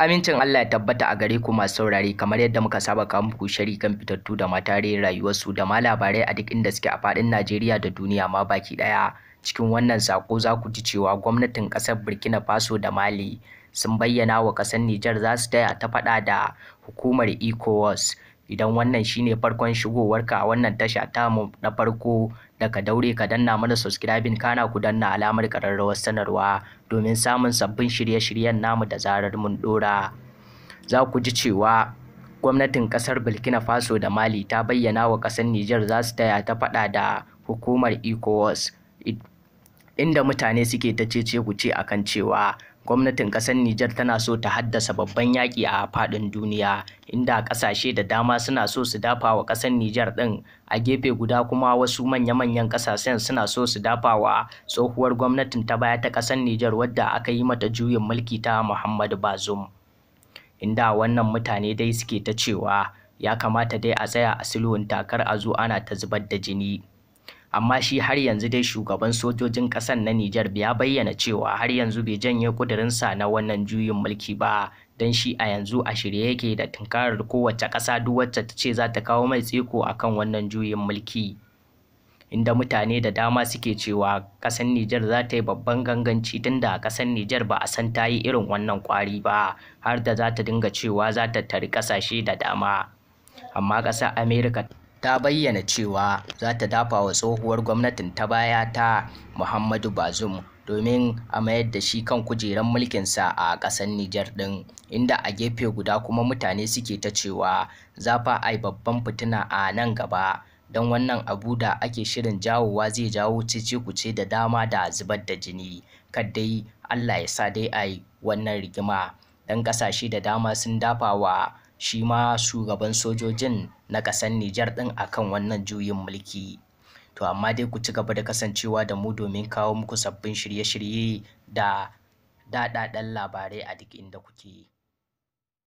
Amincin Allah ya tabbata a gare ku masu saurare kamar yadda muka saba kawo muku shari kan fitattu da mata rayuwarsu da ma labarai a duk inda suke a faɗin Najeriya da duniya ma baki ɗaya. Cikin wannan sako za ku ji cewa gwamnatin ƙasar Burkina Faso da Mali sun bayyana wa ƙasar Nijar za su taya ta faɗa da hukumar ECOWAS. idan wannan shine farkon shigowarka a wannan tasha ta mu na farko da ka daure ka danna mana subscribing kana ku danna alamar ƙararrawar sanarwa domin samun sabbin shirye-shiryen namu da zarar mun dora za ku ji cewa gwamnatin ƙasar burkina faso da mali ta bayyana wa ƙasar niger za su taya ta faɗa da hukumar ecowas inda mutane suke ta cece ku ce akan cewa gwamnatin ƙasar Nijar tana so ta haddasa babban yaƙi a faɗin duniya inda ƙasashe da dama suna so su dafa wa ƙasar Nijar ɗin a gefe guda kuma wasu manya-manyan ƙasashen suna so su dafa wa tsohuwar gwamnatin ta baya ta ƙasar Nijar wadda aka yi mata juyin mulki ta Muhammadu Bazoum inda wannan mutane dai suke ta cewa ya kamata dai a tsaya a sulhun takar a zo ana ta zubar da jini. amma shi har yanzu dai shugaban sojojin ƙasar na Nijar ya bayyana cewa har yanzu bai janye ƙudurinsa na wannan juyin mulki ba don shi a yanzu a shirye yake da tunkarar kowace ƙasa duk wacce ta ce za ta kawo mai tseko kan wannan juyin mulki inda mutane da dama suke cewa ƙasar Nijar za ta yi babban ganganci tun da ƙasar Nijar ba a san ta yi irin wannan ƙwari ba har da za ta dinga cewa za ta tari ƙasashe da dama amma ƙasar Amerika ta bayyana cewa za ta dafa wa tsohuwar gwamnatin ta baya ta muhammadu bazum domin a mayar da shi kan kujerar mulkinsa a ƙasar Nijar ɗin, inda a gefe guda kuma mutane suke ta cewa za fa ai babban fitina a nan gaba don wannan abu da ake shirin jawowa zai jawo cece-kuce da dama da zubar da jini dai Allah ya sa dai ai wannan rigima don ƙasashe da dama sun dafa wa shi ma shugaban sojojin na ƙasar Nijar ɗin akan wannan juyin mulki. To amma dai ku ci gaba da kasancewa da mu domin kawo muku sabbin shirye-shirye da daɗaɗɗen labarai a duk inda kuke.